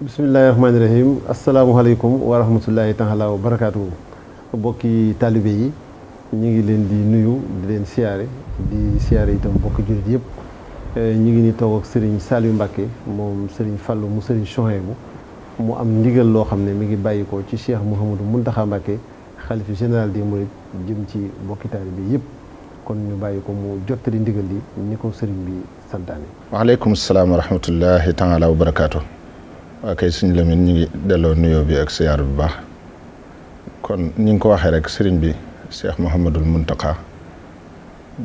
بسم الله الرحمن الرحيم السلام عليكم ورحمة الله تعالى وبركاته بوكي طالبي نيغي لين دي نويو دي لين سياري دي سياري تام بوكي جديب نيجي نيغي ني توك سيرين سالي مباكي موم سيرين فالو مو سيرين شوهيمو مو ام نيجي لو خامني ميغي بايكو سي شيخ محمد منتخا مباكي خليفه جنرال دي مريد جيم سي بوكي طالبي ييب كون ني بايكو مو جوتري نيجي دي نيكو سيرين بي سانتاني وعليكم السلام ورحمه الله تعالى وبركاته waa kay suñ Lamine ñu ngi delloo nuyoo bi ak siyaar bu baax kon ñi ngi ko waxee rek sëriñ bi Cheikh Mouhamadul Mountakha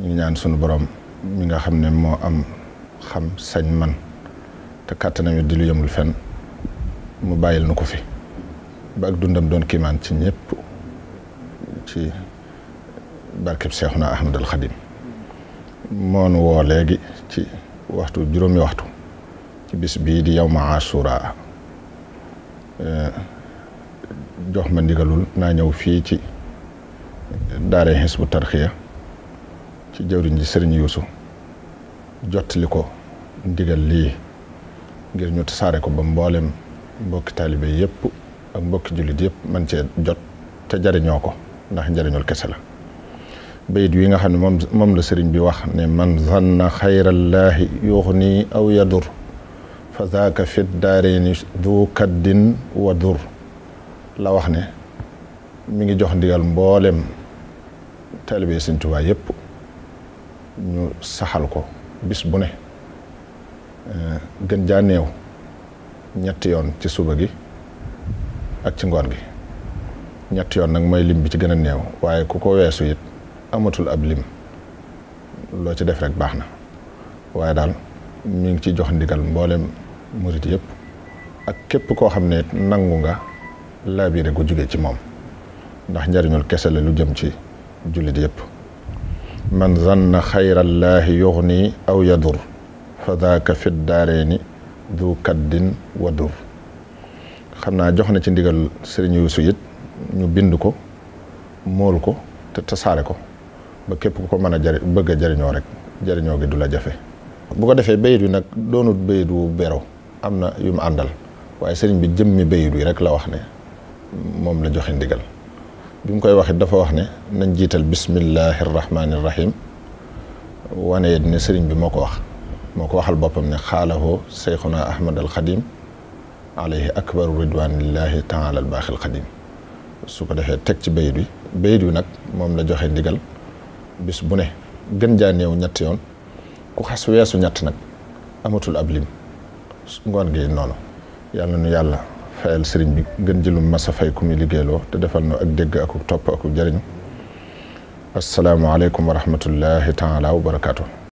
ñu ngi ñaan sunu borom mi nga xam ne moo am xam sañ man te kàttanam it di lu yëmul fenn mu bàyyil nu ko fi ba ak dundam doon kiimaan ci ñëpp ci barkeb Seexuna Ahmadul Xadim moonu woo léegi ci waxtu juróomi waxtu ci bis bii di yow ma asura Euh, jox ma ndigalul naa ñëw fii ci daare Hizbut Tarqiyyah ci jëwriñ ji Sëriñ Yuusu jottali ko ndigal lii ngir ñu saare ko ba mboolem mbokki taalibe yëpp ak mbokki jullit yëpp man cee jot te jariñoo ko ndax njariñul kese la bayit wi nga xam ne moom moom la sëriñ bi wax ne man zanna xayrallaahi nii aw yadur fa zaaka fit daarayni du kaddin wa dur la wax ne mu ngi jox ndigal mboolem taalibe Sëñ Tuubaa yëpp ñu saxal ko bis bu ne eh, gën jaa néew ñetti yoon ci suba gi ak ci ngoon gi ñetti yoon nag mooy lim bi ci gën a néew waaye ku ko weesu it amatul ab lim loo ci def rek baax na waaye daal ñu ngi ci jox ndigal mboole murit yëpp ak képp koo xam ne nangu nga laabire gu jóge ci moom ndax njariñul kese la lu jëm ci jullit yëpp man zanna xayrallaahi yuxni aw yadur fa daaka fi daareeni du kaddin wa dur xam naa jox na ci ndigal sëriñ Yuusu ñu bind ko mool ko te tasaare ko ba képp ku ko mën a jari bëgg a jariñoo rek jariñoo gi du la jafe bu ko defee bayit wi nag doonut bayit wu beru àndal waaye sëriñ bi jëmmi bayit wi rek la wax ne moom la joxe ndigal bi mu koy waxit dafa wax ne nañ jiital bismillahi rahmaani rahim wane it ne sëriñ bi moo ko wax moo ko waxal boppam ne xaalahoo seyxuna ahmad al xadim عليه اكبر رضوان الله تعالى baaxil القديم سو ko defee teg ci bayit wi bayit wi nag moom la joxe ndigal bis bu ne gën jaa néew ñetti yoon ku xas weesu ñett nag amatul ab lim ngoon gi noonu yàlla yàlla fayal sëriñ bi gën jëlum masa fay ku muy liggéeyloo te defal nu ak dégg aku topp aku jëriñ asalaamaaleykum wa rahmatullahi taala wa